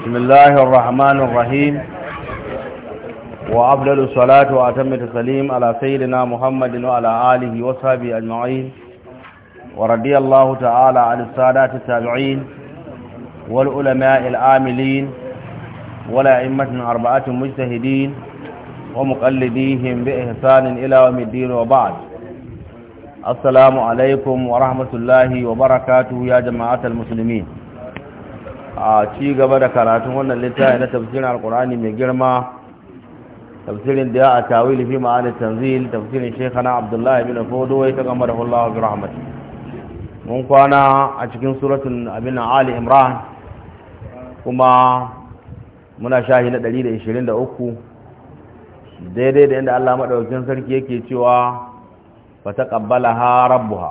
بسم الله الرحمن الرحيم وأفضل الصلاة وأتم التسليم على سيدنا محمد وعلى آله وصحبه أجمعين ورضي الله تعالى عن السادات التابعين والعلماء العاملين والأئمة أربعة مجتهدين ومقلديهم بإحسان إلى يوم الدين وبعد السلام عليكم ورحمة الله وبركاته يا جماعة المسلمين a ci gaba da karatun wannan littafi na tafsirin alkur'ani mai girma tafsirin da a tawili fi ma'anin tanzil tafsirin shekana abdullahi bin fodo ya ta gama da hulawar rahmat mun kwana a cikin suratun abin ali imran kuma muna shahi na 123 daidai da inda allah maɗaukin sarki yake cewa fa ta ƙabbala ha rabbuha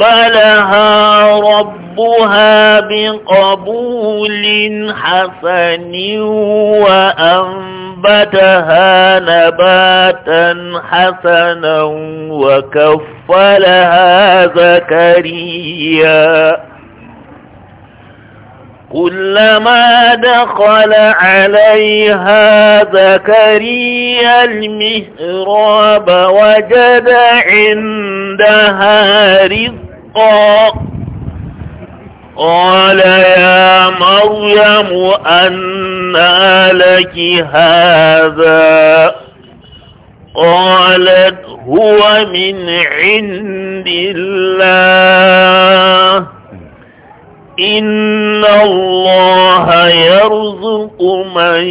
تقبلها ربها بقبول حسن وأنبتها نباتا حسنا وكفلها زكريا كلما دخل عليها زكريا المهراب وجد عندها رزقا قال يا مريم أنى لك هذا قالت هو من عند الله إن الله يرزق من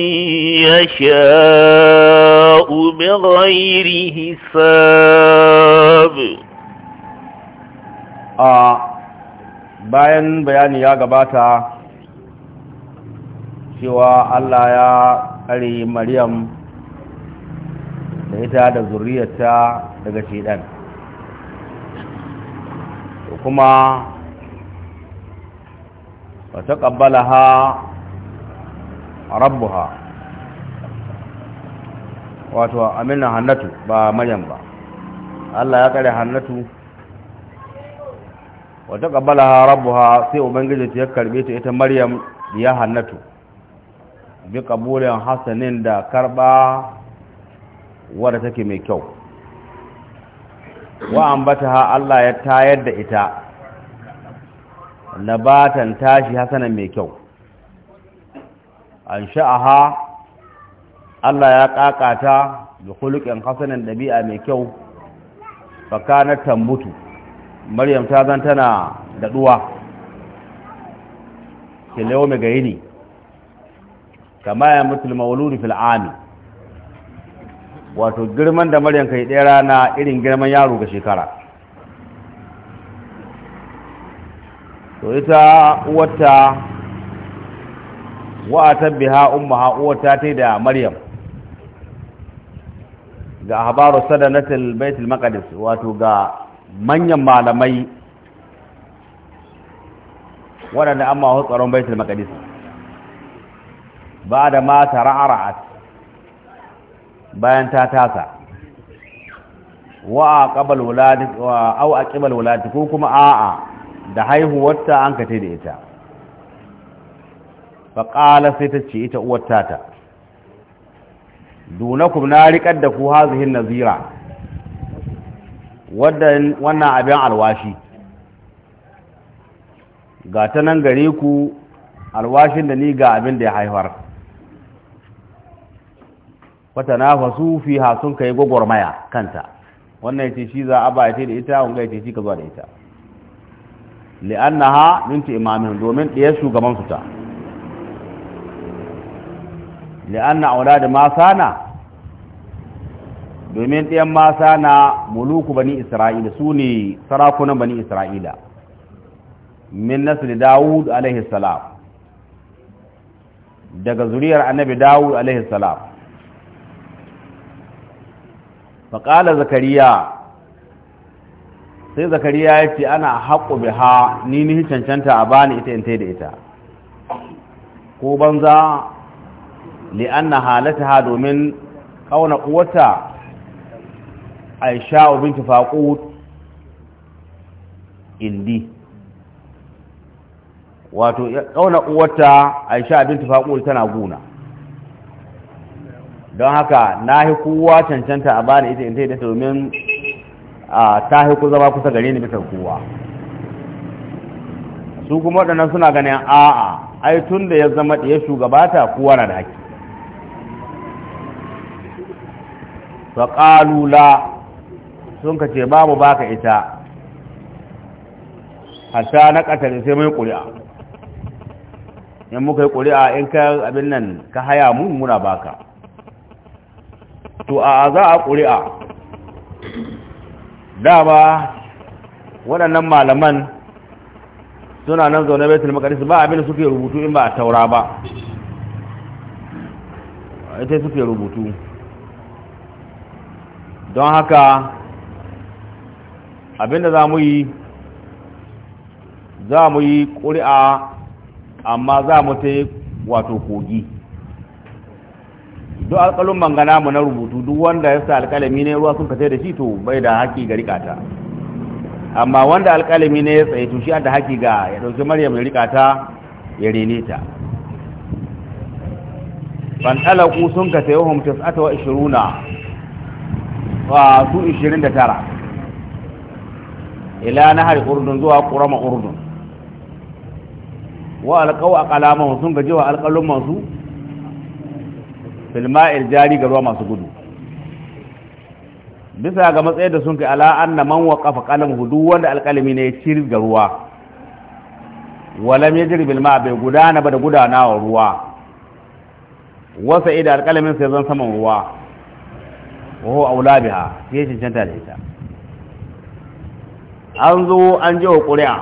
يشاء بغير حساب a bayan bayani ya gabata cewa Allah ya kare Maryam da ita da zuriyarta daga cidan kuma ƙabbala ha rabu ha wato amina hannatu ba maryam ba Allah ya kare hannatu wa rabu ha sai ubangiji ya karbe ta ita maryam ya hannatu bi ƙabulin hasanin da karba wadda take mai kyau wa ha Allah ya tayar da ita nabatan tashi hasanan mai kyau an sha'aha Allah ya ƙaƙata da hulukin hasanan ɗabi'a mai kyau fa kana tambutu maryam ta zan tana da duwa kilayo mai gayi ne kama ya mutul mauludi fil wato girman da maryam kai ɗaya rana irin girman yaro ga shekara to ita uwarta biha umma, ummaha uwarta ta da maryam ga habaru sadanatul baitul maqdis wato ga manyan malamai waɗanda an mahu tsaron baitul maqdis ba da mata ra'ara'at bayan ta tasa wa ƙabal wulad wa a ko kuma a'a da haihuwarta an kate da ita fa ƙala sai ta ce ita uwarta ta dunakum na riƙar da ku hazihin nazira wannan abin alwashi ga ta nan gare ku alwashin da ni ga abin da ya haifar wata na fasu fi hasun ka yi gwagwarmaya kanta wannan ya ce shi za a ba ya ce da ita wanga ya ce shi ka zuwa da ita Li'an na ha minti imamin domin ɗaya shugaban su ta Li'an na aula da masana domin ɗayan masa na muluku bani isra'ila su ne sarakunan bani isra'ila min da dawud alaihi salam daga zuriyar annabi dawud alaihi salam faƙala zakariya sai zakariya ya ce ana haƙo biha ni ni cancanta a bani ita in da ita ko banza li'anna halataha domin ƙaunar uwata aisha binti faqud indi wato kauna uwarta aisha binti faqud tana guna don haka nahi kowa cancanta a bani ita inda da domin a yi ku zama kusa gare ni bisa kowa su kuma waɗannan suna ganin a'a ai tun da ya zama ɗaya shugabata kowa na da haƙƙi faƙalula sun ka ce babu baka ita Hata na ƙasar sai mai ƙuri'a in muka yi ƙuri'a in ka abin nan ka haya mun muna baka to a za a ƙuri'a dama waɗannan malaman suna nan zaune baitul maqdis ba abin da suke rubutu in ba a taura ba ita suke rubutu don haka abinda za mu yi za mu yi ƙuri'a amma za mu ta yi wato kogi duk alƙalin mangana mu na rubutu duk wanda ya sa alƙalami ne ruwa sun kasai da shi to bai da haƙi ga rikata amma wanda alƙalami ne ya tsaye to shi da haƙi ga ya ɗauki maryam ya rikata ya rene ta ban ɗalaku sun kasai wahum tas'ata wa ishiruna su ishirin da tara ila nahar urdun zuwa kurama urdun wa a aqlamahu sun gaje wa alqalum masu fil ma'il jari ga ruwa masu gudu bisa ga matsayar da sun kai ala anna man kafa qalamuhu hudu wanda alqalami ne ya ciri ga ruwa walam ya jiri bilma bai gudana ba da gudana wa ruwa wasa ida alqalamin sai zan saman ruwa wa huwa aula biha yace cancanta da ita an zo an jiwa ƙuri'a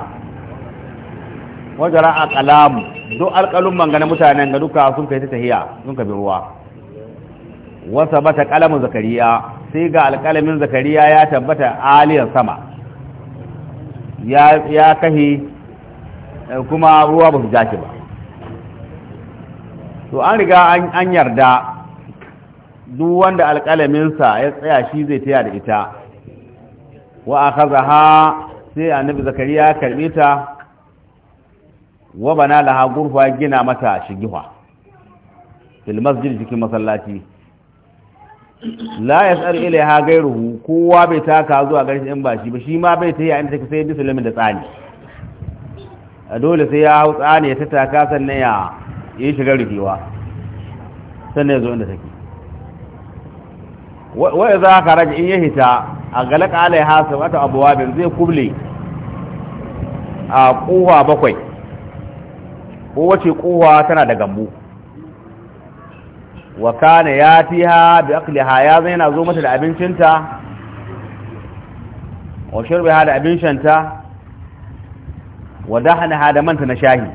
wajara a kalamu duk alƙalin mangana mutanen ga duka sun kai ta tahiya sun bi ruwa wasa bata ƙalamin zakariya sai ga alƙalamin zakariya ya tabbata aliyar sama ya kahi eh, kuma ruwa ba su ja ba to an riga an yarda duk wanda alƙalaminsa ya tsaya shi zai taya da ita wa a sai annabi zakariya ya karbe ta wa bana laha gurfa gina mata shigiwa fil masjid cikin masallaci la yas'al ilaiha gairuhu kowa bai taka zuwa garin in ba shi ba shi ma bai tayi inda take sai bisulamin da tsani dole sai ya hau tsani ya tattaka sannan ya yi shiga rufewa sannan ya zo inda take wa idza in yahita a galaka wata sab'atu abwabin zai kuble a kowa bakwai ko wace kowa tana da gambu wa kana ha, bi ha ya zai na zo mata da abincinta wa ha da abincinta shanta wa ha da manta na shahi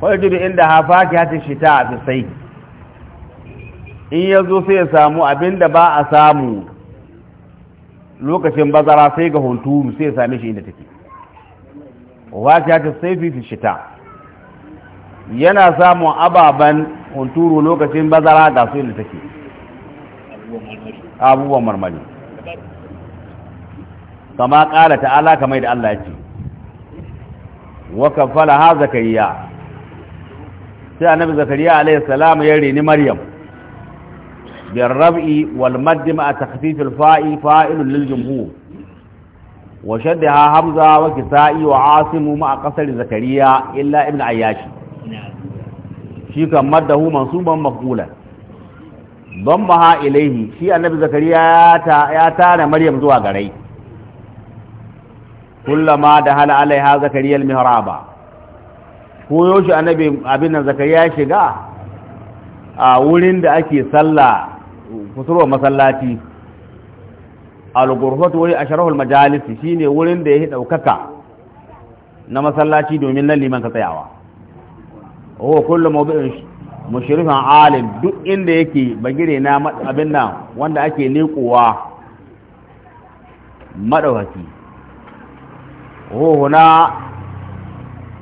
wa jirgin inda ha fakihatin shita fi sai in zo sai ya samu abinda ba a samu lokacin bazara sai ga hunturu sai ya same shi inda take wata sai fi shita yana samun ababen hunturu lokacin bazara ga su inda take abubuwan marmari kama ta ta'ala mai da Allah ce wa ka ha zakariya sai annabi zakariya alaihi salam ya rini maryam بالربع والمد مع تخفيف الفاء فائل للجمهور وشدها حمزة وكسائي وعاصم مع قصر زكريا إلا ابن عياش شيكا مده منصوبا مقبولا ضمها إليه شيء النبي زكريا ياتانا مريم زوا غري كلما دخل عليها زكريا المهرابا koyo shi annabi abin nan zakariya ya shiga a wurin da ake sallah kusurwa masallaci al-ghurfatu wuri asharahul majalisi shine wurin da yake daukaka na masallaci domin nan liman ka tsayawa oh kullu mawdu'in mushrifan alim duk inda yake bagire na abin nan wanda ake nekuwa madawaki oh huna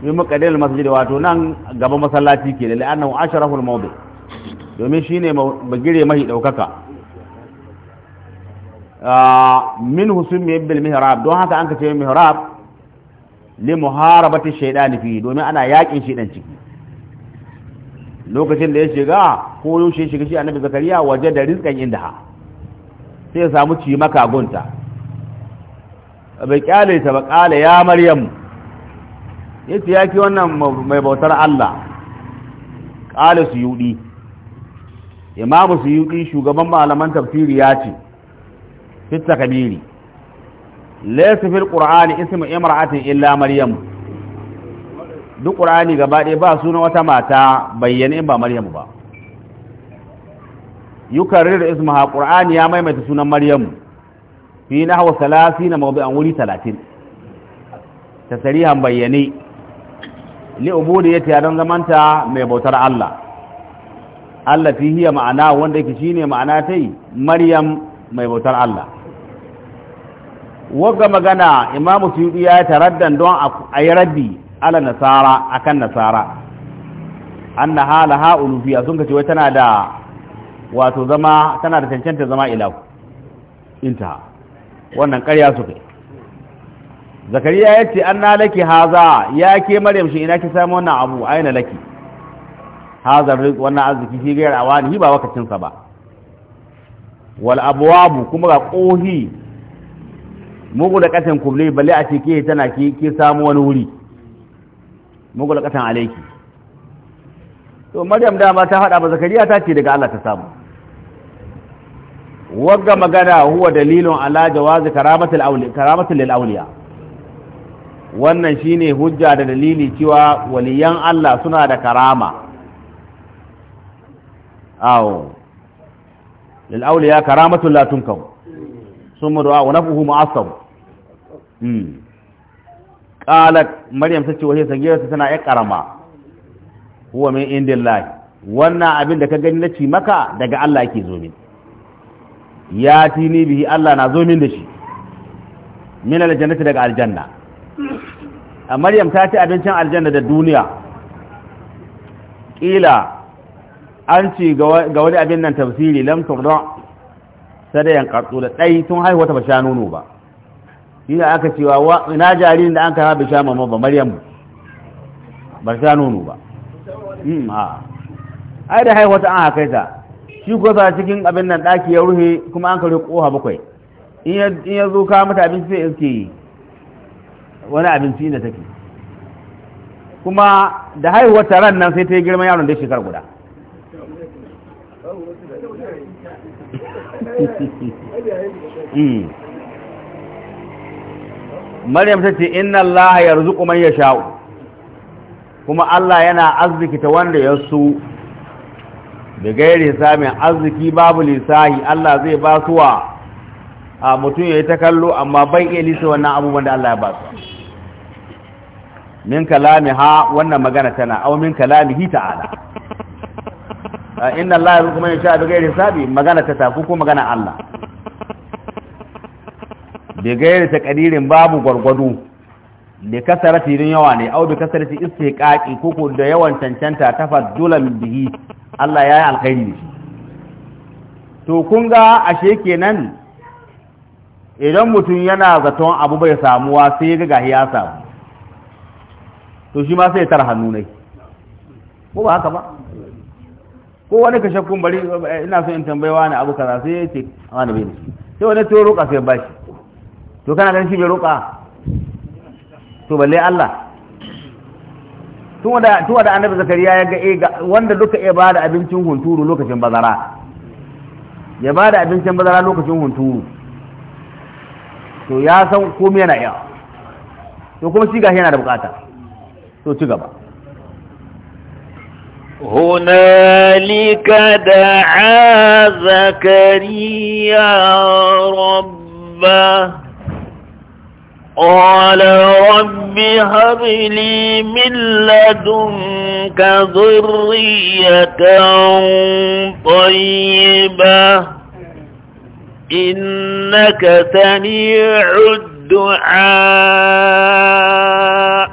yi muqaddal masjid wato nan gaba masallaci ke lalle annahu asharahul mawdu' domin shine bagire mai daukaka min husun mai don haka an ka ce mihrab li muharabati shaytan fi domin ana yakin shaytan ciki lokacin da ya shiga ko yaushe ya shiga shi annabi zakariya waje da rizkan inda ha sai ya samu ci maka gunta bai kyale ta ba kala ya maryam yace ya ki wannan mai bautar Allah kala suyudi imamu suyudi shugaban malaman tafsiri ya ce fi Kabiri, laysa ƙur'ani qur'ani ismu imra'atin illa maryam duk qur'ani gaba ɗaya ba suna wata mata bayyane ba maryam ba yukarrir ismaha qur'ani ya maimaita sunan maryam fi nahwa 30 mawdi'an wuri 30 tasrihan bayyane li ubudiyyati dan zamanta mai bautar Allah Allah fi hiya ma'ana wanda yake shine ma'ana tai maryam mai bautar Allah wagga magana imamu suyuɗi ya yi taraddan don a yi rabbi ala nasara akan nasara an na hala ha'ulu fiya sun kace wai tana da wato zama tana da cancanta zama ilahu inta wannan ƙarya su kai zakariya ya ce an na laki haza ya ke maryam shi ina ki samu wannan abu aina laki hazar wannan arziki shi gayar awani ba wakacinsa ba wal abwabu kuma ga kohi mugu da katan kubli balle a ce ke tana ki ki samu wani wuri mugu da katan alaiki to maryam dama ta hada ba zakariya ta ce daga Allah ta samu wagga magana huwa dalilun ala jawazi karamatul awliya karamatul lil awliya wannan shine hujja da dalili cewa waliyan Allah suna da karama awo lil ya karamatun la tunkaw summa du'a wa nafuhu mu'assab mm qalat maryam tace wahe sangewa tana ya karama huwa min indillahi wannan abin da ka gani na ci maka daga Allah yake zo ya tini bihi Allah na zo min da shi min aljannati daga aljanna a maryam ta ci abincin aljanna da duniya kila an ce ga wani abin nan tafsiri lam tumra yan qatu da dai tun haihuwa ta basha nono ba ina aka cewa wa ina jaririn da an kawo basha mama ba maryam ba sha nono ba mm a ai da haihuwa ta an haka ta shi ko sa cikin abin nan daki ya ruhe kuma an kare koha bakwai in ya zo ka mata abinci sai iske wani abinci inda take kuma da haihuwar taron nan sai ta yi girman yaron da shekar guda maryam ta ce inna allaha yarzuqu man sha'u kuma Allah yana ta wanda ya su da gairi samun arziki babu lissahi, Allah zai ba wa. a mutum ya yi ta kallo amma bai iya lisa wannan abubuwan da Allah ya ba su min kalami ha wannan magana tana au min kalami hita ala. Ah, inna Allah yarzuqu man sha bi ghairi hisabi magana ta tafi ko magana Allah bi ta taqdirin babu gwargwado da kasarati din yawa ne au bi kasarati istiqaqi ko ko da yawan cancanta tafaddulan bihi Allah ya yi alkhairi to kun ga ashe kenan idan mutum yana zaton abu bai samuwa sai ga gahi ya samu to shi ma sai tar hannu ne ko ba haka ba ko wani ka shakkun bari eh, ina so in tambayi wani abu kaza sai ya ce wani bai shi sai wani to roƙa sai bashi to kana ganin shi bai roƙa to balle Allah tuwa da tuwa da annabi zakariya ya ga eh, wanda duka ya bada abincin hunturu lokacin bazara ya bada abincin bazara lokacin hunturu to ya san komai yana iya to kuma shi gashi yana da bukata to ci gaba هنالك دعا زكريا ربه قال رب هب لي من لدنك ذرية طيبة إنك سميع الدعاء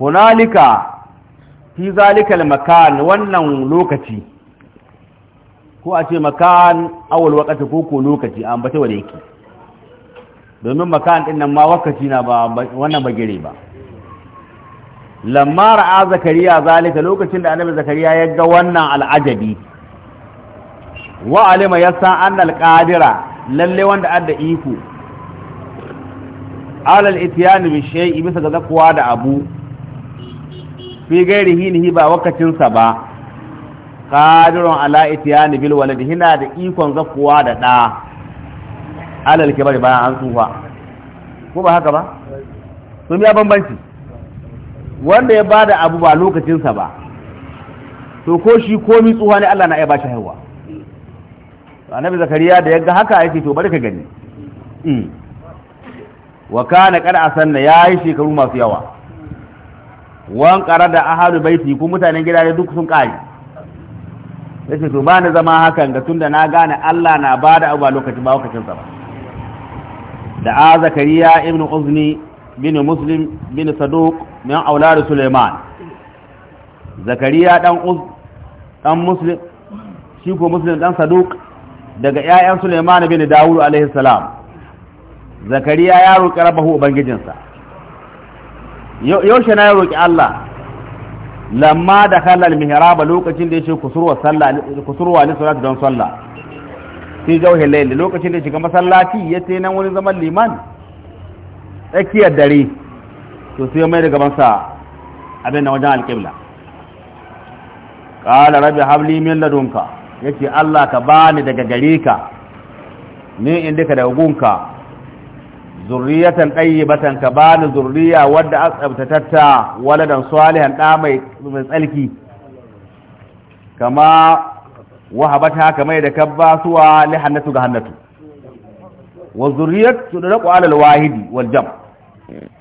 هنالك fi zalikal makan wannan lokaci ko a ce makan awal wakati ko ko lokaci an bata wa yake domin makan din nan ma wakati na ba wannan gire ba lamma ra'a zakariya zalika lokacin da annabi zakariya ya ga wannan al'ajabi wa alima yasa annal qadira lalle wanda adda iko alal ityani bi shay'i bisa ga zakwa da abu fi gairi hinihi ba wakacinsa ba qadirun ala itiyani bil waladi hina da ikon zakuwa da ɗa alal kibari bayan an tsufa ko ba haka ba sun ya bambanci wanda ya bada abu ba lokacinsa ba to ko shi komi tsuha ne Allah na iya bashi haihuwa annabi zakariya da yaga haka yake to bari ka gani hmm. wa kana qad sanna yayi shekaru masu yawa wan ƙara da ahalu baiti ku mutanen gida duk sun ƙari ya ce to ba ni zama hakan ga tunda na gane Allah na ba da abuwa lokacin ba lokacin sa ba da a zakariya ibn uzni bin muslim bin saduq min aulari suleiman zakariya dan uz dan muslim shi ko muslim dan saduq daga ƴaƴan suleiman bin dawud alaihi salam zakariya ya roƙi rabbahu ubangijinsa yaushe na roƙi Allah lamma da kallal mihraba lokacin da ya kusurwa sallah kusurwa ne salatu don sallah sai jawhi layl lokacin da ya shiga masallaci ya nan wani zaman liman tsakiyar dare to sai mai da gaban sa abin na wajen alƙibla qala rabbi habli min ladunka yace Allah ka bani daga gare ka ni ka daga gunka zurriyatan ɗayyibatan ka bani zurriya wadda a tsabtatatta waladan salihan ɗa mai tsalki kama wahabata mai da kabba suwa li hannatu ga hannatu wa zurriyat tudraqu ala alwahidi wal jam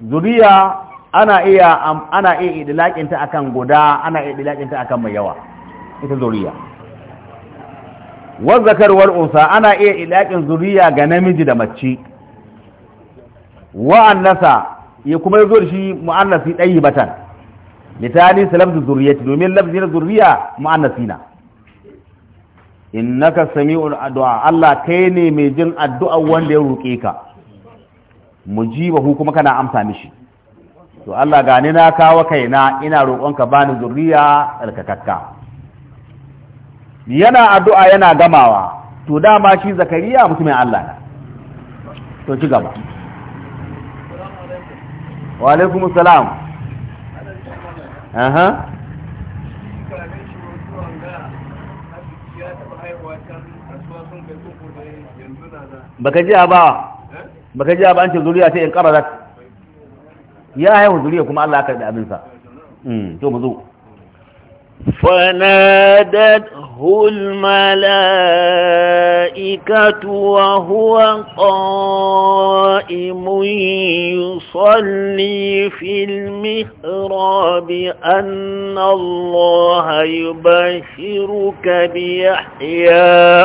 zurriya ana iya ana iya idlakin ta akan guda ana iya idlakin ta akan mai yawa ita zurriya wa zakar wal unsa ana iya idlakin zurriya ga namiji da mace wa'annasa ya kuma yazo da shi mu'annasi ɗayi batan litani salamtu zurriyati domin lafzi na zurriya na innaka sami'ul addu'a Allah kai ne mai jin addu'a wanda ya roke ka bahu kuma kana amsa mishi to Allah gani na kawo kaina ina roƙonka bani zurriya alkakakka yana addu'a yana gamawa to dama shi zakariya mutumin Allah na to ci gaba wa alaikum salam aha baka ji ba baka ji ba an ce zuriya ta in qararat ya haihu zuriya kuma Allah ya karbi abin sa hmm, to mu zo فنادته الملائكة وهو قائم يصلي في المهراب أن الله يبشرك بيحيى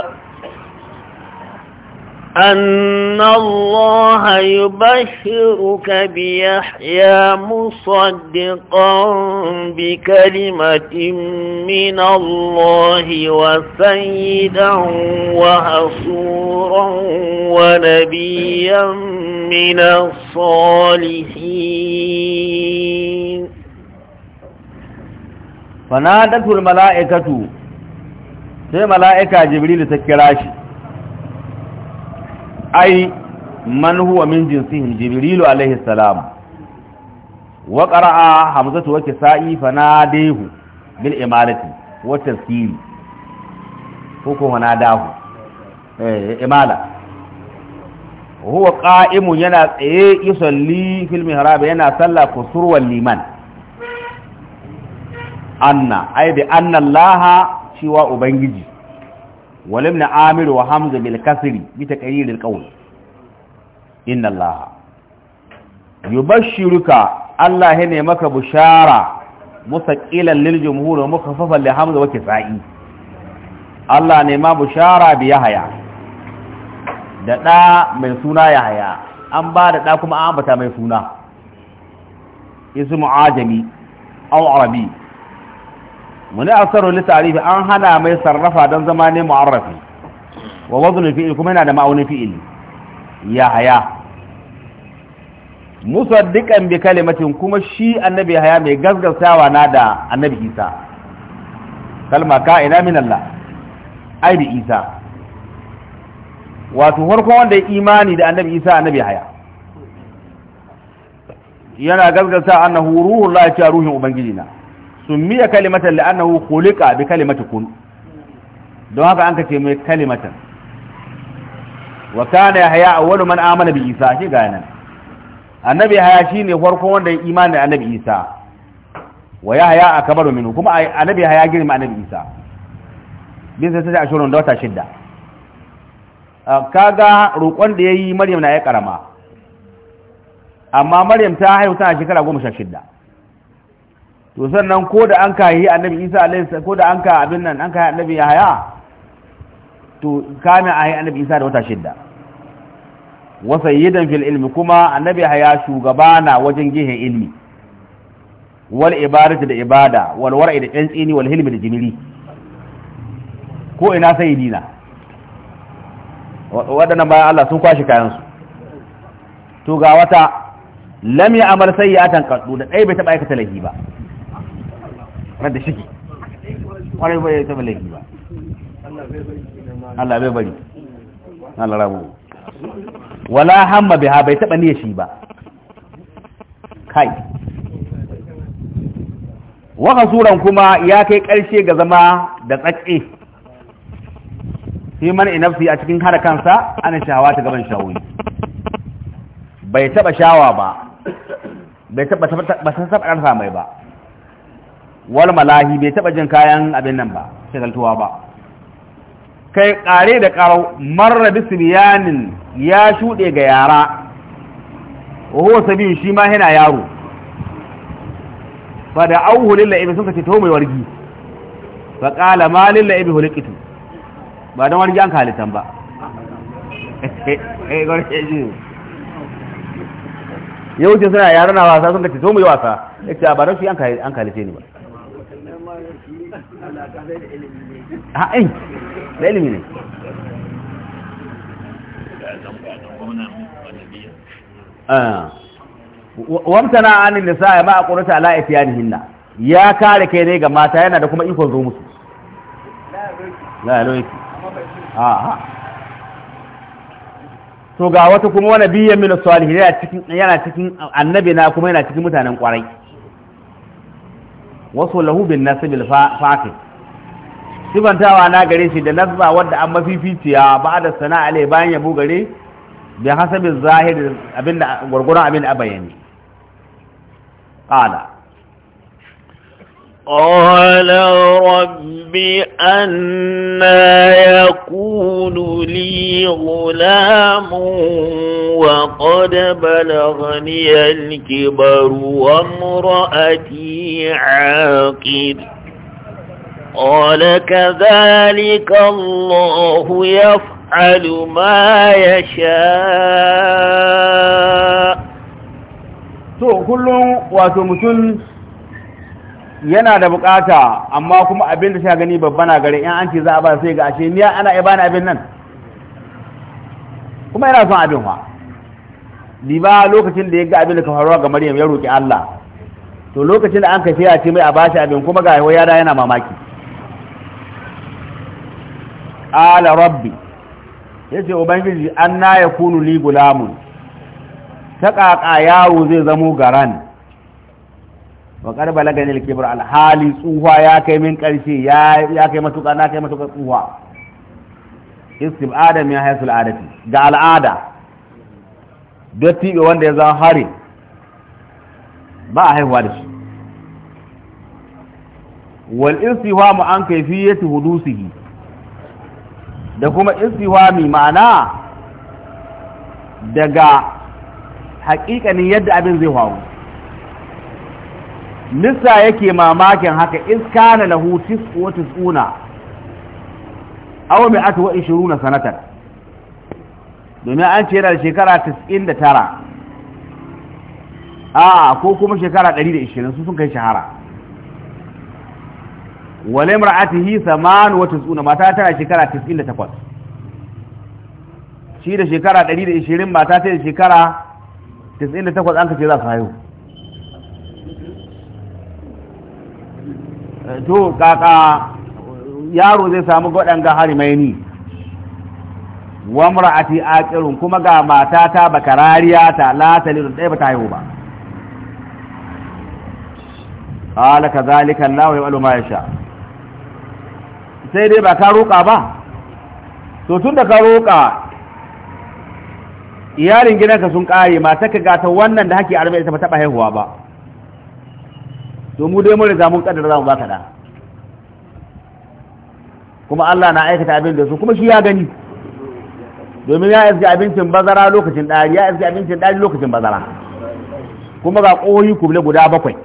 أن الله يبشرك بيحيى مصدقا بكلمة من الله وسيدا وحصورا ونبيا من الصالحين فنادته الملائكة sai mala'ika jibril ta ai man huwa min jinsihim jibrilu alaihi salam wa qara'a hamzatu wa kisa'i nadehu bil imalati wa tafsiri ko wana dahu eh imala huwa qa'imu yana tsaye yusalli fil mihrab yana salla wal liman anna ai bi anna allaha shiwa ubangiji ولمن عامر وحمزة بالكسر بتقرير القول إن الله يبشرك الله هنا مك بشارة مثقلا للجمهور ومخففا لحمزة وكفائي الله نما بشارة بيهيا da ɗa mai suna ya haya an ba da ɗa kuma an ambata mai suna ismu ajami al arabi muni asaru li ta'rifi an hana mai sarrafa dan zama ne mu'arrafi wa wazn fi'il kuma yana da ma'aunin fi'il ya haya musaddiqan bi kalimatin kuma shi annabi haya mai gasgasawa na da annabi Isa kalma ka ina min Allah ai bi Isa wato farkon wanda ya imani da annabi Isa annabi haya yana gasgasa annahu ruhullah ya ce ruhin ubangiji na sumiya kalimatan annahu khuliqa bi kalimati kun don haka an kace mai kalimatan wa kana yahya awwalu man amana bi isa shi ga nan annabi yahya shine farko wanda ya imani da annabi isa wa yahya akbaru minhu kuma annabi yahya girma annabi isa bin sai ta ashurun da wata shidda kaga roƙon da yayi maryam na ya karama amma maryam ta haihu tana shekara 16 to sannan ko da an kayi annabi isa alaihi ko da an ka abin nan an kayi annabi yahaya to kana ayi annabi isa da wata shidda wa sayyidan fil ilmi kuma annabi yahaya na wajen gihin ilmi wal ibadatu da ibada wal war'i da tsantsini wal hilmi da jimiri ko ina sayyidina waɗannan bayan Allah sun kwashi kayansu to ga wata lam ya amal sayyatan qaddu da dai bai taɓa aikata lahi ba radda shiki kwarai bai ta laifi ba Allah bai bari Allah rabu wala hamma ha bai taba ne shi ba kai waka suran kuma ya kai karshe ga zama da tsake shi man inafsi a cikin hada kansa ana shawa ta gaban shawoyi bai taba shawa ba bai taba taba taba mai ba wal malahi bai taba jin kayan abin nan ba shagaltuwa ba kai kare da karo marra bisbiyanin ya shuɗe ga yara wa huwa sabiyu shi ma yana yaro fa da auhu lillahi sun kace to mai wargi fa qala ma lillahi hulqitu ba don wargi an kalitan ba eh gore ji yau ce suna yaro na wasa sun kace to mai wasa yace ba don shi an kalite ni ba ha'in da ilimi ne eh, eh, ma a nisa ya ma'a ƙunuta hinna, ya kare kai ne ga mata yana da kuma ikon zo musu la a to ga wata kuma wani biyan min salihin yana cikin annabi na kuma yana cikin mutanen kwarai wasu lahu bin nasibil fatin sibantawa na gare shi da nasba wadda an mafificiya ba da sana'a alai bayan yabo gare bi hasabin zahiri abinda abin a bayani qala قال رب أنا يكون لي غلام وقد بلغني الكبر وامرأتي عاقر قال كذلك الله يفعل ما يشاء to كله wato yana da bukata amma kuma abin da sha gani babba na gare in an ce za a ba sai ga ashe ni ana iya bani abin nan kuma yana son abin fa liba lokacin da ya ga abin da ka faruwa ga Maryam ya roki Allah to lokacin da an kashe ya ce mai a bashi abin kuma ga ya da yana mamaki ala rabbi yace ubangiji an anna yakunu li gulamun ta qaqa yawo zai zamo garan wa qad balagani al-kibr al-hali tsuwa ya kai min karshe ya kai matuƙa na kai matuka tsuwa istibada min haythu al-adati ga al'ada dotti wanda ya zama hari ba a haihuwa da shi wal mu an kayfiyati hudusihi da kuma istiwami ma'ana daga haƙiƙanin yadda abin zai faru nisa yake mamakin haka iska na lahu tis'u tis'una aw mi'atu wa 20 sanatan domin an ce yana da shekara 99 a ko kuma shekara 120 su sun kai shahara wal wata tsuna mata tana shekara 98 shi da shekara 120 mata ta da shekara 98 an kace za su haihu to kaka yaro zai samu waɗanga harimaini wa mura'ati aqirun kuma ga matata bakarariya ta la ɗaya dai ta haihu ba qala kadhalika Allah ya'lamu ma yasha sai dai ba ka roƙa ba to tun da ka roƙa iyalin gidanka sun ƙare mata ka gata wannan da hake arme ita ba taɓa haihuwa ba to mu dai mun riga mun kaddara za mu baka da kuma Allah na aikata abin da su kuma shi ya gani domin ya iske abincin bazara lokacin dari ya iske abincin dari lokacin bazara kuma ga koyi kubule guda bakwai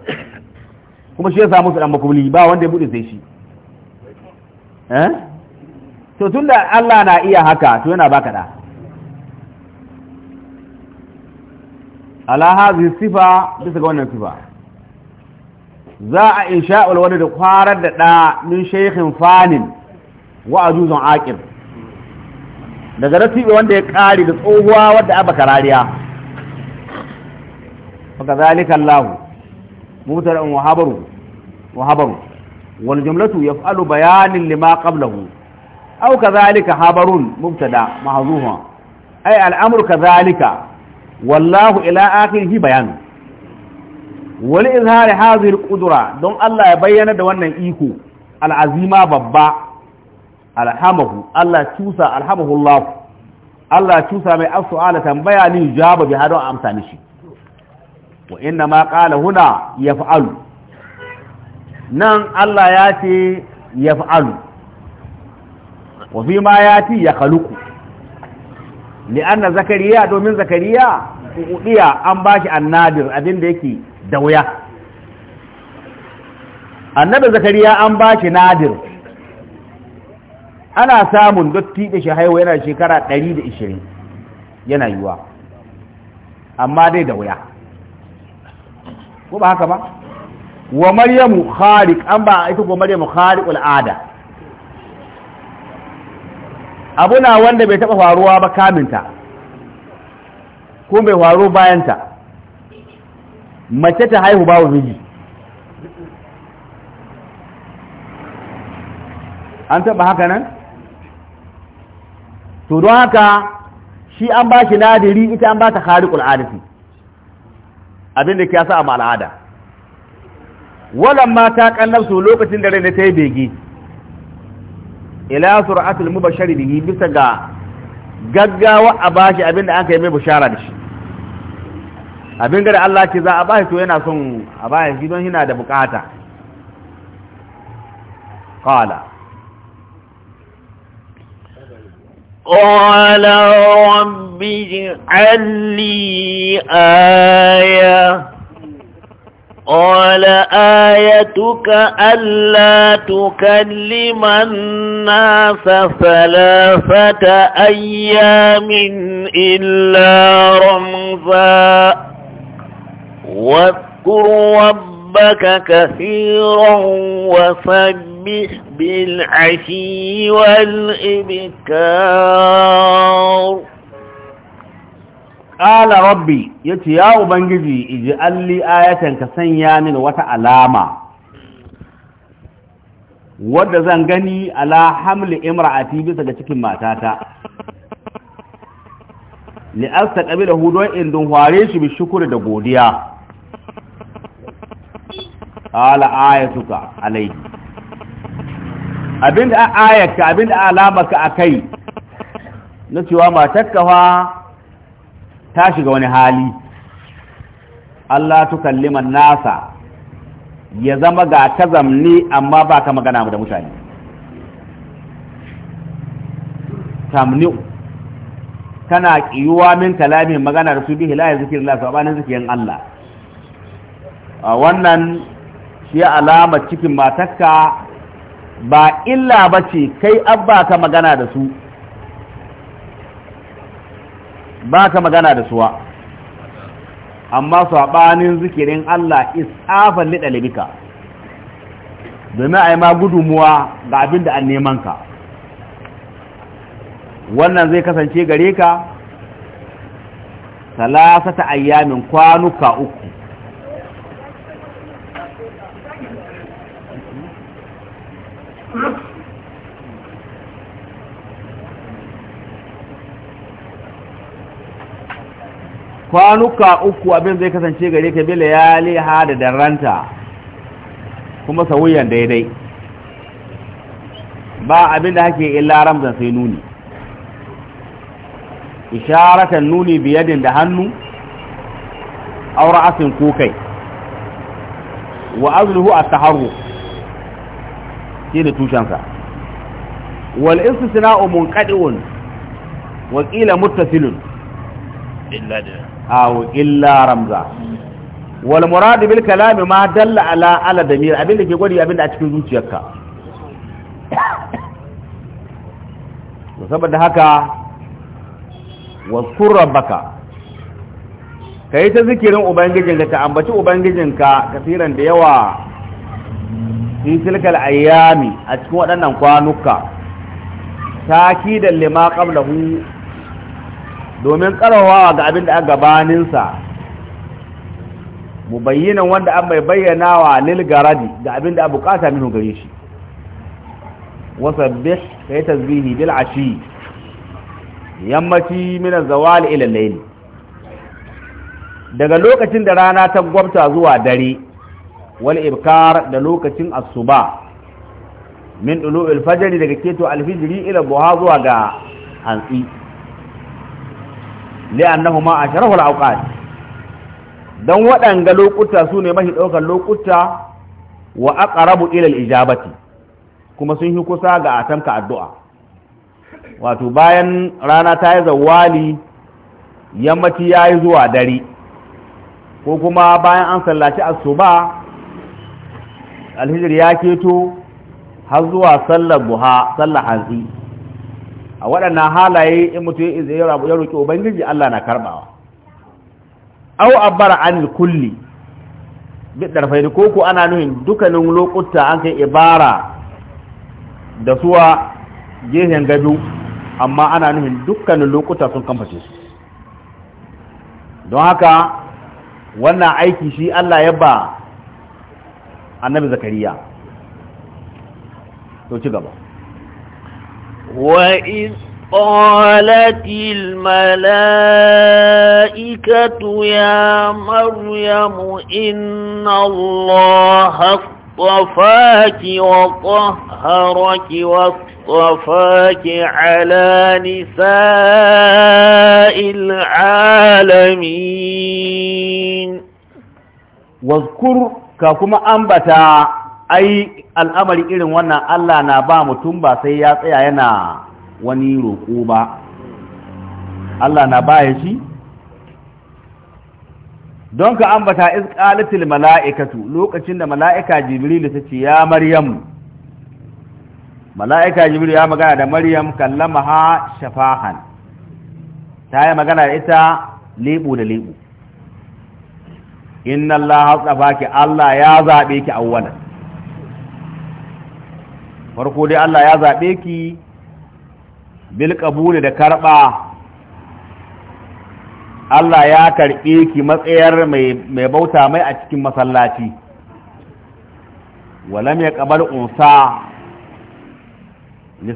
kuma shi ya samu su dan makubli ba wanda ya bude sai shi eh to tunda Allah na iya haka to yana baka da ala hazi sifa bisa ga wannan sifa za a insha wani da kwarar da ɗa min sheikhin fanin wa ajuzun aqir daga nasibe wanda ya ƙari da tsohuwa wadda aba karariya faka zalika Allah mubtara'un wa habaru wa habaru wal jumlatu bayanin lima qablahu aw zalika habarun mubtada mahzufa ai al-amru kadhalika wallahu ila akhirih bayan wani izhari hazir kudura don Allah ya bayyana da wannan iko al'azima babba alhamahu Allah cusa alhamahu Allah Allah cusa mai afsu'ala tambaya ni jaba bi hadon amsa mishi wa inna ma qala huna yaf'alu nan Allah ya ce yaf'alu wa fi ma yati ya khaluqu li'anna zakariya domin zakariya udiya an bashi annadir abin da yake da wuya annabi zakariya an ba shi nadir ana samun dotti da shi haihuwa yana shekara 120 yana yiwa amma dai da wuya ko ba haka ba wa maryamu khariq an ba ita ko maryamu khariq al'ada abuna wanda bai taba faruwa ba kaminta ko bai faru bayanta mace ta haihu babu miji an taɓa haka nan to don haka shi an ba shi nadiri ita an ba ta kari kul'adisi abin ke yasa a al'ada walan ma ta su lokacin da rai ta yi bege ila sur'atul mubashshir bihi bisa ga gaggawa a bashi abinda da an kai mai bushara da shi abin gada Allah ce za a ba to yana son a ba shi don yana da bukata qala قال رب اجعل لي آية قال آيتك ألا تكلم الناس ثلاثة أيام إلا رمزاً واذكر ربك كثيرا وسبح بالعشي والإبكار قال ربي يتي يا أبنجي اجعل لي آية كسنيا من وتعلامة wadda zan gani ala hamli imra'ati bisa ga cikin matata Li'asta asta qabila hu don in dun hware shi bi shukuri da godiya qala ayatuka alayhi abinda ayaka abinda alamaka akai na cewa matarka fa ta shiga wani hali Allah tukalliman nasa ya zama ga ka amma ba ka magana da mutane tamni kana kiyuwa min kalamin magana da su bihi la ya zikir la sabanin zikirin Allah wannan shi alama cikin matakka ba illa ba ce kai abba ka magana da su ba ka magana da suwa amma saɓanin zikirin Allah isafan liɗa libika domin a yi ma gudunmuwa ga abin da an neman ka wannan zai kasance gare ka ta ayyamin kwanuka uku kwanuka uku abin zai kasance gare ka bi layali ha da daranta kuma sauyan daidai ba abin da hake illa ramzan sai nuni isharatan nuni biyadin da hannu aura asin kokai wa azluhu at-taharru shi da tushensa wal istisna'u munqadi'un wa qila muttasilun illa da أو إلا رمزا والمراد بالكلام ما دل ma على ala ala لك يقول da ke gwadi abin a cikin zuciyarka saboda haka ta zikirin ubangijinka ka ambaci ubangijinka kasiran da yawa fi tilkal ayyami a cikin waɗannan kwanuka takidan lima qablahu domin karawawa ga abin da a gabaninsa bayyana wanda an bayyana wa lil garadi ga abin da a bukata minu gare shi wasabbih kai tasbihi bil ashi yammaci min zawal ila layl daga lokacin da rana ta gwabta zuwa dare wal ibkar da lokacin asuba min al fajr daga keto alfijri ila buha zuwa ga hantsi ma asharahu al awqat dan waɗanga lokuta su ne mahi ɗaukar lokuta wa aqrabu ila al-ijabati kuma sun yi kusa ga atamka addu'a wato bayan rana ta yi zawali yammaci ya yi zuwa dare ko kuma bayan an sallaci asuba alhijir ya keto har zuwa sallar buha sallar hazi a waɗannan halaye in mutum ya roƙi ubangiji Allah na karɓawa au bara an kulli bi faidi ko koko ana nuhin dukkanin lokuta an kai ibara da suwa gehen gado amma ana nuhin dukkanin lokuta sun kamface su don haka wannan aiki shi Allah ya ba annabi zakariya to ci gaba وإذ قالت الملائكة يا مريم إن الله اصطفاك وطهرك واصطفاك على نساء العالمين واذكر كما أنبتا أي al'amari irin wannan Allah na ba mutum ba sai ya tsaya yana wani roƙo ba Allah na baya shi don ka ambata izqalatil mala'ikatu lokacin da mala'ika jibril ta ce ya maryam mala'ika jibril ya magana da maryam ha shafahan ta yi magana da ita lebu da lebu inna allaha ki Allah ya zaɓe ki awwalan farko dai Allah ya zaɓe ki bil kabuli da karɓa Allah ya karɓe ki matsayar mai bauta mai a cikin masallaci walam ya ƙabar unsa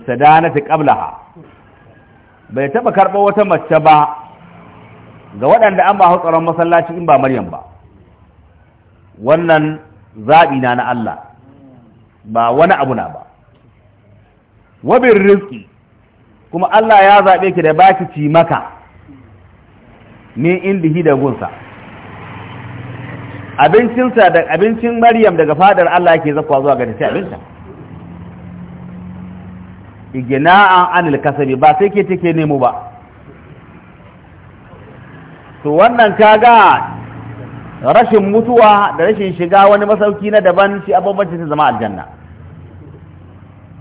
ta qablaha bai taɓa karɓo wata mace ba ga waɗanda an ba tsaron masallaci in ba maryam ba wannan zaɓi na na Allah ba wani abu na ba wabin rizki kuma Allah ya zaɓe ki da baki ci maka ne indihi da gunsa abincinsa da abincin maryam daga fadar Allah yake zakwa zuwa ga abin abinta igina'an anil kasabi ba sai ke take nemo ba to wannan kaga rashin mutuwa da rashin shiga wani masauki na daban shi ta zama aljanna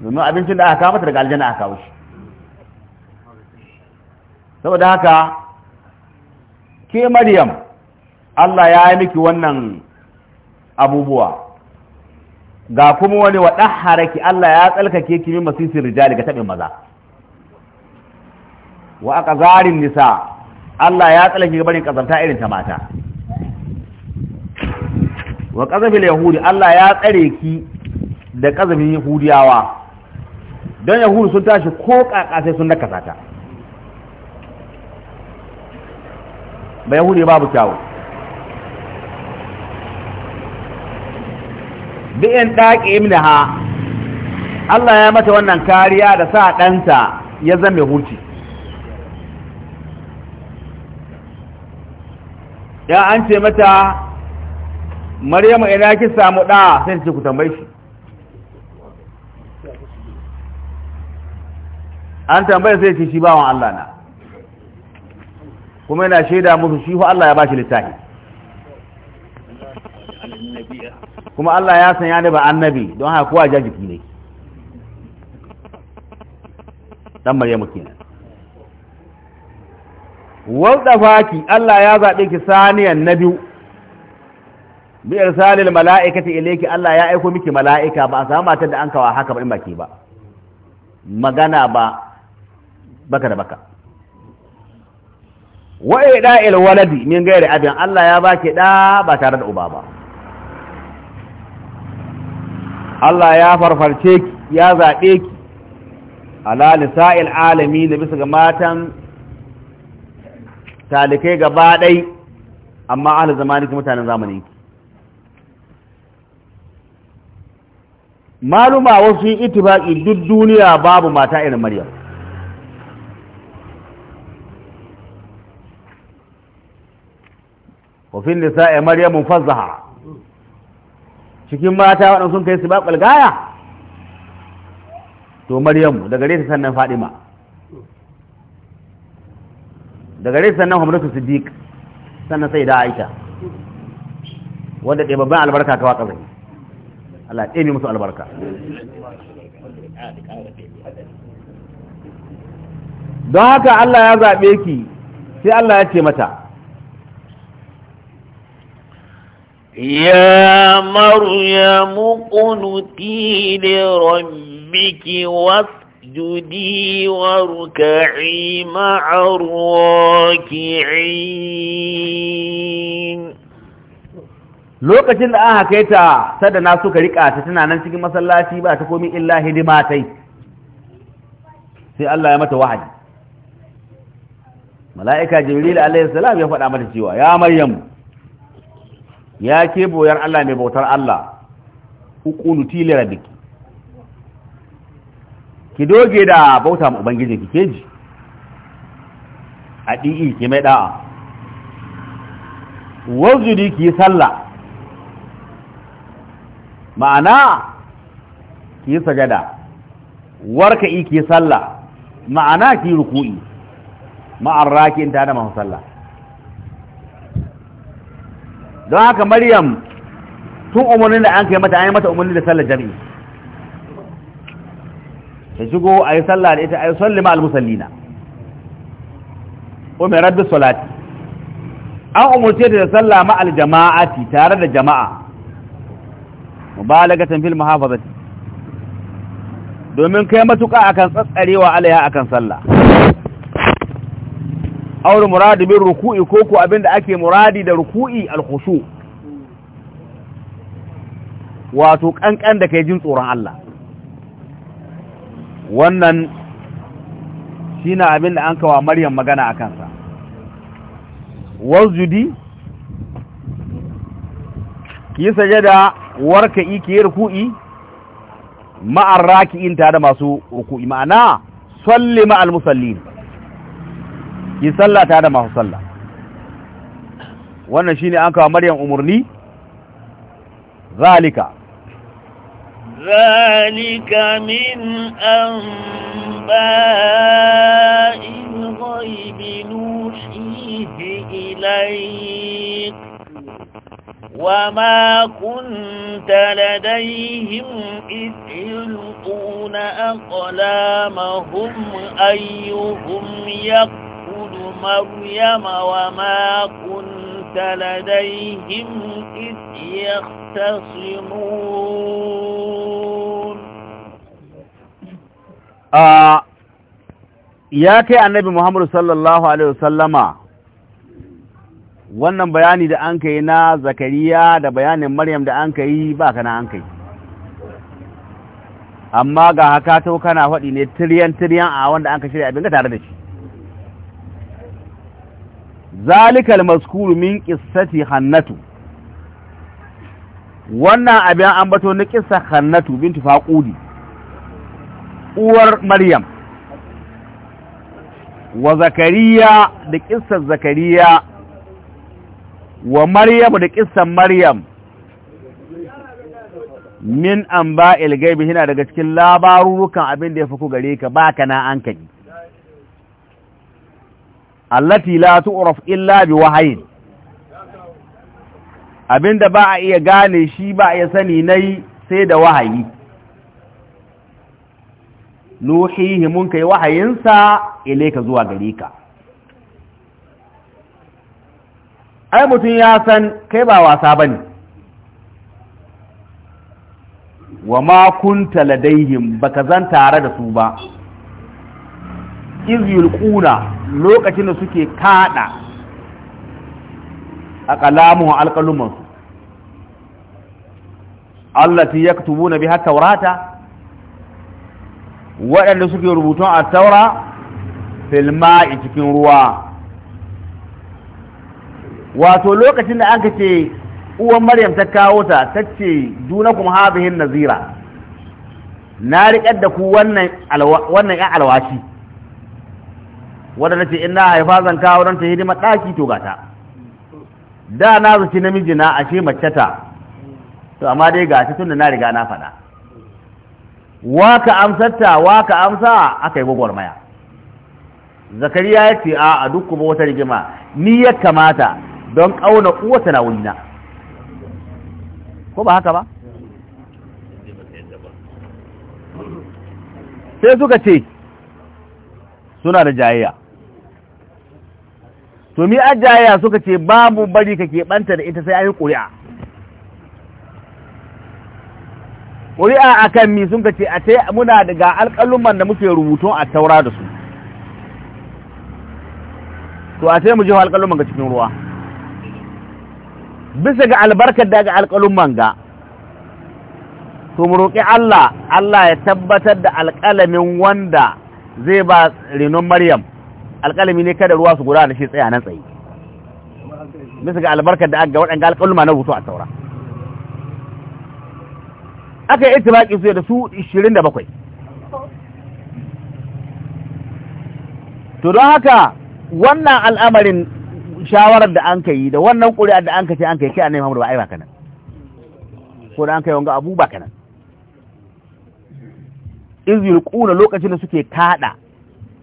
domin abincin da aka kawo mata daga aljanna aka kawo shi saboda haka ke maryam Allah ya yi miki wannan abubuwa ga kuma wani wa haraki Allah ya tsalkake ki min masisin rijali ga taɓin maza wa nisa Allah ya tsalkake barin kazanta irin ta mata wa yahudi Allah ya tsare ki da ƙazafin yahudiyawa don yahudu sun tashi ko kaka sai sun nakasa ta ba yahudu ya babu kyawu duk ɗaƙi imna ha Allah ya mata wannan kariya da sa ɗanta ya zama hulci ya an ce mata maryamu ina ki samu ɗa sai ce ku tambayi shi an tambaya sai ce shi ba wani Allah na kuma yana shaida musu shi Allah ya ba shi littafi kuma Allah ya sanya ni ba annabi don haka kowa ja jiki ne dan Maryamu kenan faki Allah ya zaɓe ki saniyan na biyu bi irsalil mala'ikati ilayki Allah ya aiko miki mala'ika ba a samu matar da an kawa haka ba in baki ba magana ba baka da baka wa ida waladi min gairi abin Allah ya baki da ba tare da uba ba Allah ya farfarce ki ya zaɓe ki ala lisa'il alami da bisa ga matan talikai gaba ɗai amma ahli zamani mutanen zamanin ki maluma wasu yi itibaki duk duniya babu mata irin maryam wafin nisa'i maryamun fazzaha cikin mata waɗanda sun kai su ba gaya to maryamu daga gare ta sannan fadima daga gare ta sannan hamdatu siddiq sannan sai da aisha wanda ɗaya babban albarka kawa ƙazai Allah ɗaya musu albarka don haka Allah ya zaɓe ki sai Allah ya ce mata يا مريم قنتي لربك lokacin da aka kai ta sadana suka rika ta tana nan cikin masallaci ba ta komi illa hidima tai sai Allah ya mata wahayi mala'ika jibril alaihi salam ya faɗa mata cewa ya Maryam. ya ke boyar Allah mai bautar Allah hukunuti lirabiki ki doge da bauta ma ubangijin ki keji a di'i ki mai da'a wazuri ki sallah ma'ana ki sajada warka'i ki sallah ma'ana ki ruku'i ma'arraki in ta da masu sallah don haka maryam tun umarnin da an kai mata an yi mata umarnin da sallar jami'i ta shigo a yi sallah da ita a yi sallima al-musallina umarar Rabbi salati an umarce ta da sallah ma'al al-jama'ati tare da jama'a mubalagatan fil muhafazati domin kai matuka akan tsatsarewa alaiha akan sallah aure muradi bin ruku'i ko ko abinda ake muradi da ruku'i al-khushu wato kankan da kai jin tsoron Allah wannan shine abinda an kawa Maryam magana akan sa wazudi ki sajada warka'i ki ruku'i ma'arraki inta da masu ruku'i ma'ana salli al musallin yi sallah ta da masu sallah wannan shine an kawo maryam umurni zalika zalika min anba'il وما كنت لديهم إذ يلقون أقلامهم أيهم يقوم مريم وما كنت لديهم إذ يختصمون يا ya kai محمد Muhammadu الله عليه وسلم wannan bayani da an kai na zakariya da bayanin maryam da an kai ba kana an kai amma ga haka to kana faɗi ne tiryan tiryan a wanda an ka shirya abin ka tare da shi zalikal maskuru min qissati hannatu wannan abin an bato na kissa hannatu Bintu faqudi uwar maryam wa zakariya da kissar zakariya wa maryam da kissar maryam min an ba yana daga cikin labarurukan abin da ya faku gare ka baka na an kaji allati la tu'raf illa bi wahayin abinda ba a iya gane shi ba ya sani nai sai da wahayi nuhihi mun kai wahayinsa ilaika zuwa gare ka ai mutum ya san kai ba wasa bane wa ma kunta ladaihim baka zan tare da su ba iz yulquna lokacin da suke kada aqlamuhu alqalumun allati yaktubuna biha tawrata waɗanda suke rubutun a taura filma'i cikin ruwa wato lokacin da aka ce uwan maryam ta kawo ta ta ce kuma hazihin nazira na riƙar da ku wannan 'yan alwashi wadda nace ina haifa zan kawo don ta hidima ɗaki to gata da na zaci namiji na ashe mace ta to amma dai gata tun na riga na faɗa waka wa waka amsa akai yi gwagwarmaya zakariya yace a a duk kuma wata rigima ni ya kamata don ƙauna uwata na wurina ko ba haka ba sai suka ce suna da jayayya to mi ajaya suka ce babu bari ka keɓanta da ita sai an yi ƙuri'a ƙuri'a a kan mi sun ce a sai muna daga alƙaluman da muke rubutun a taura da su to a sai mu jiho alƙaluman ga cikin ruwa bisa ga albarkar daga alƙaluman ga to mu roƙi Allah Allah ya tabbatar da alƙalamin wanda zai ba renon Maryam alƙalami ne kada ruwa su guda na shi tsaya nan tsaye bisa ga albarkar da aga waɗanda alƙaluma na rubutu a taura aka yi itibaki su da su 27 to don haka wannan al'amarin shawarar da an kai da wannan ƙuri'ar da an kace an kai kai annabi Muhammad ba ai ba kanan ko da an kai wanga abu ba kanan iz yulquna lokacin da suke kada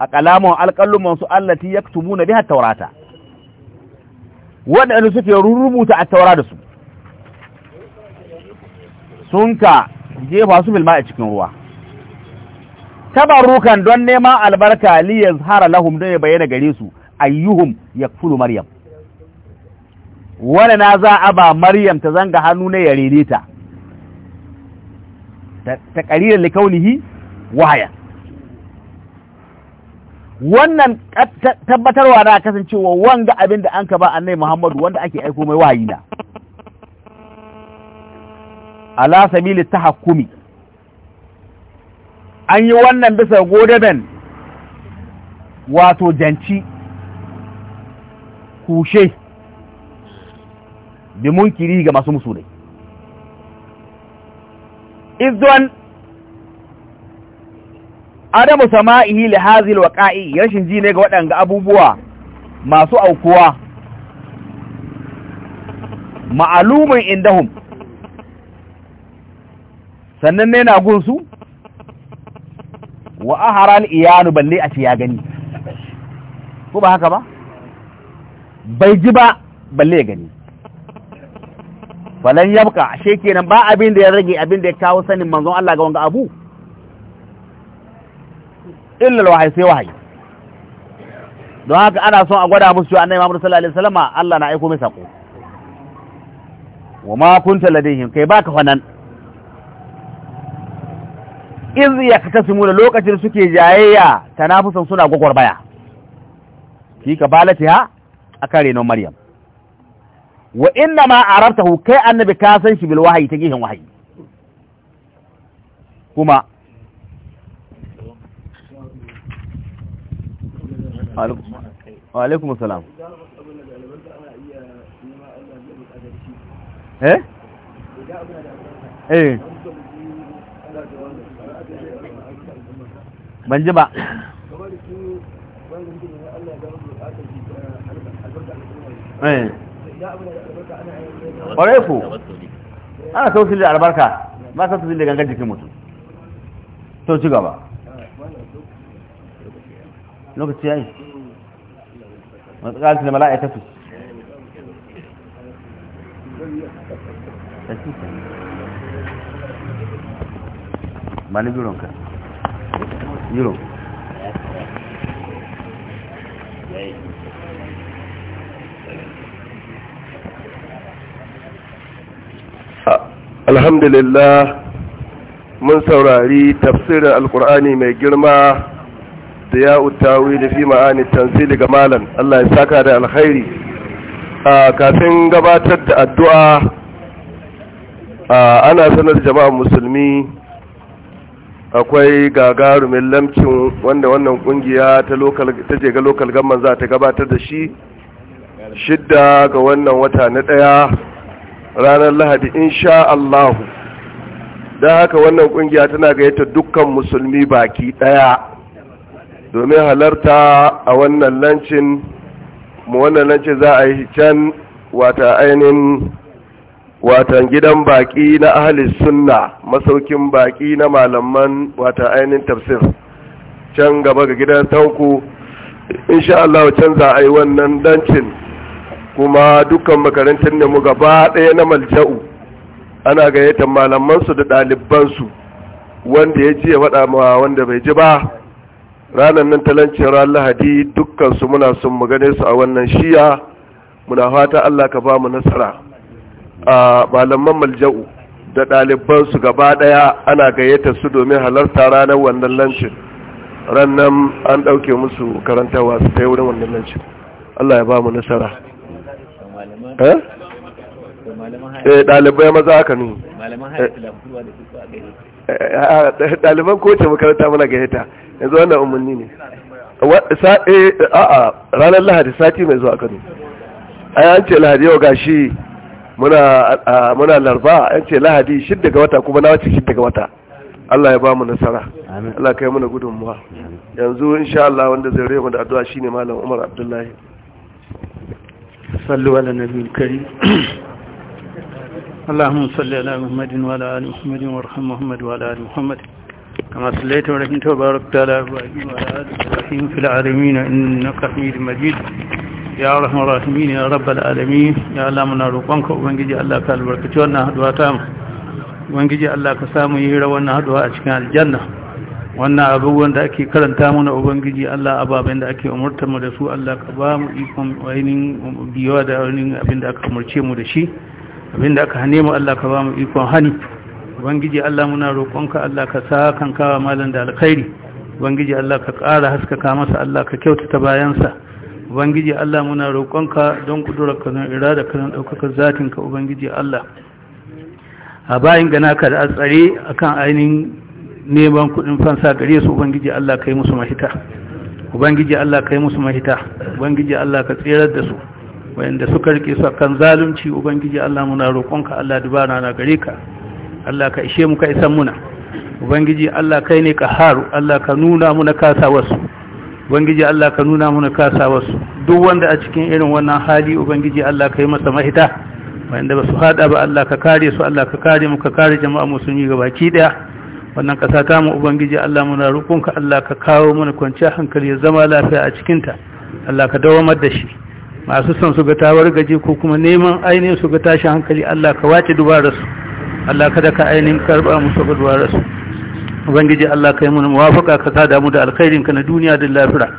a kalamun alƙalluman su allati na biya taurata waɗanda suke rubuta a taura da su sun ka jefa su filma a cikin ruwa tabarukan don neman albarka li zahara lahum don ya bayyana gare su ayyuhum yakfulu maryam wani na za a ba maryam ta zanga hannu na yarire ta ta ƙarirar likaunihi wahaya wannan tabbatarwa na kasancewa wanga abin da an ka ba annai muhammadu wanda ake aiko mai wayi na ala sabili hakumi. an yi wannan bisa godaben wato janci kushe da munkiri ga masu musulai izdon adamu sama'ihi li hazil waqa'i rashin ji ne ga waɗanda abubuwa masu aukuwa ma'alumin indahum sannan ne na gunsu wa aharal iyanu balle a ce ya gani ko ba haka ba bai ji ba balle ya gani falan yabka ashe kenan ba abin da ya rage abin da ya kawo sanin manzon Allah ga wanga abu illal wahayi sai wahayi don haka ana son a gwada musu annabi Muhammad sallallahu alaihi wasallam Allah na aiko mai sako wa ma kunta ladaihim kai baka fanan iz yaktasimu da lokacin suke jayayya tanafusan suna baya. gwagwarbaya fi a akan renon Maryam wa inna ma arabtahu kai annabi ka san shi bil wahayi ta gihin wahayi kuma wa alaikum salam eh eh ban ji ba eh. ƙwarai ku ana tausir da albarka ba ka tausir da gangan jikin mutum to ci gaba lokaci yayi wata ƙarfi da mala'a ta fi ba ni biron ka biron alhamdulillah mun saurari tafsirin alkur'ani mai girma diya utawili fi ma'ani tanzili ga malam Allah ya saka da alkhairi kafin gabatar da addu'a ana sanar jama'ar musulmi akwai gagarumin lamcin wanda wannan kungiya ta local ta je ga local gamman za ta gabatar da shi shidda ga wannan wata na daya ranar lahadi insha Allahu da haka wannan kungiya tana gayyata dukkan musulmi baki daya domin halarta a wannan lancin mu wannan lancin za a yi can wata ainihin watan gidan baki na ahalis sunna masaukin baki na malaman wata ainihin tafsir can gaba ga gidan tanku insha Allah can za a yi wannan lancin kuma dukkan makarantar ne mu gaba ɗaya na malja'u ana gayyatar malamansu da ɗalibansu wanda ya ji ya faɗa ma wanda bai ji ba ranar nan talancin ran lahadi dukkansu muna son mu gane su a wannan shiya muna fata Allah ka ba mu nasara a malaman malja'u da su gaba ɗaya ana gayyata su domin halarta ranar wannan lancin rannan an ɗauke musu karantawa su ta yi wurin wannan lancin Allah ya ba mu nasara eh, eh ɗalibai maza aka nuni eh, eh, ɗaliban kowace makaranta muna gayyata yanzu wannan umarni ne a eh, ranar lahadi sati mai zuwa kano a an ce lahadi yau gashi muna muna larba yan ce lahadi shi daga wata kuma na wace shi daga wata Allah ya ba mu nasara Allah kai mana gudunmuwa yanzu insha Allah wanda zai rewa da addu'a shine malam Umar Abdullahi sallu ala nabiyil karim Muhammadin wa ala ali Muhammadin wa محمد وارحم wa ala ali Muhammadin كما صليت ورحمت وباركت على إبراهيم وعلى آل إبراهيم في العالمين إنك حميد مجيد ya rahman rahimin ya rabbal alamin ya Allah muna roƙonka ubangiji Allah ka albarkaci wannan haduwa ta mu ubangiji Allah ka samu yi hira wannan haduwa a cikin aljanna wannan abubuwan da ake karanta mana ubangiji Allah ababen da ake umurta mu da su Allah ka ba mu ikon wainin biyawa da wainin abin da aka umurce mu da shi abin da aka hane mu Allah ka ba mu ikon hani ubangiji Allah muna roƙonka Allah ka sa kankawa malam da alkhairi ubangiji Allah ka ƙara haskaka masa Allah ka kyautata bayansa ubangiji Allah muna roƙonka don kudura ka don irada ka zan ɗaukaka ka ubangiji Allah a bayan gana ka da tsare akan ainihin neman kuɗin fansa gare su ubangiji Allah ka yi musu mahita ubangiji Allah ka yi musu mahita ubangiji Allah ka tserar da su wayanda suka rike su akan zalunci ubangiji Allah muna roƙonka Allah dubara na gare ka Allah ka ishe mu ka isan muna ubangiji Allah kai ne haru Allah ka nuna muna kasa wasu ubangiji Allah ka nuna muna kasa wasu duk wanda a cikin irin wannan hali ubangiji Allah kai masa mahita wanda ba su hada ba Allah ka kare su Allah ka kare mu ka kare jama'a mu sun yi gabaki daya wannan ƙasa ta mu ubangiji Allah muna rukunka Allah ka kawo mana kwanciyar hankali ya zama lafiya a cikinta Allah ka dawamar da shi masu son su ga tawar gaji ko kuma neman ainihin su ga tashi hankali Allah ka wace dubararsu Allah kada ka ainihin karba musu gudwararsu ubangiji Allah kai mun muwafaka ka sada mu da alkhairinka na duniya da lafiya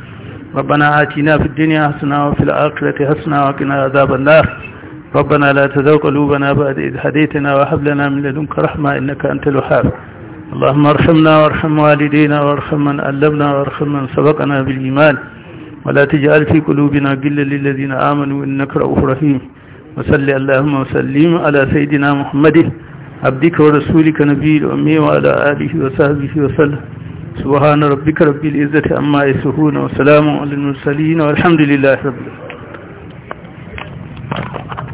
ربنا آتنا في الدنيا حسنة وفي الآخرة حسنة وقنا عذاب النار ربنا لا تذوق قلوبنا بعد إذ هديتنا وهب لنا من لدنك رحمة إنك أنت الوهاب اللهم ارحمنا وارحم والدينا وارحم من علمنا وارحم من سبقنا بالإيمان ولا تجعل في قلوبنا غلا للذين آمنوا إنك رؤوف رحيم وصل اللهم وسلم على سيدنا محمد عبدك ورسولك نبي الأمي وعلى آله وصحبه وسلم سبحان ربك رب العزة أما يسهون وسلام على المرسلين والحمد لله رب العالمين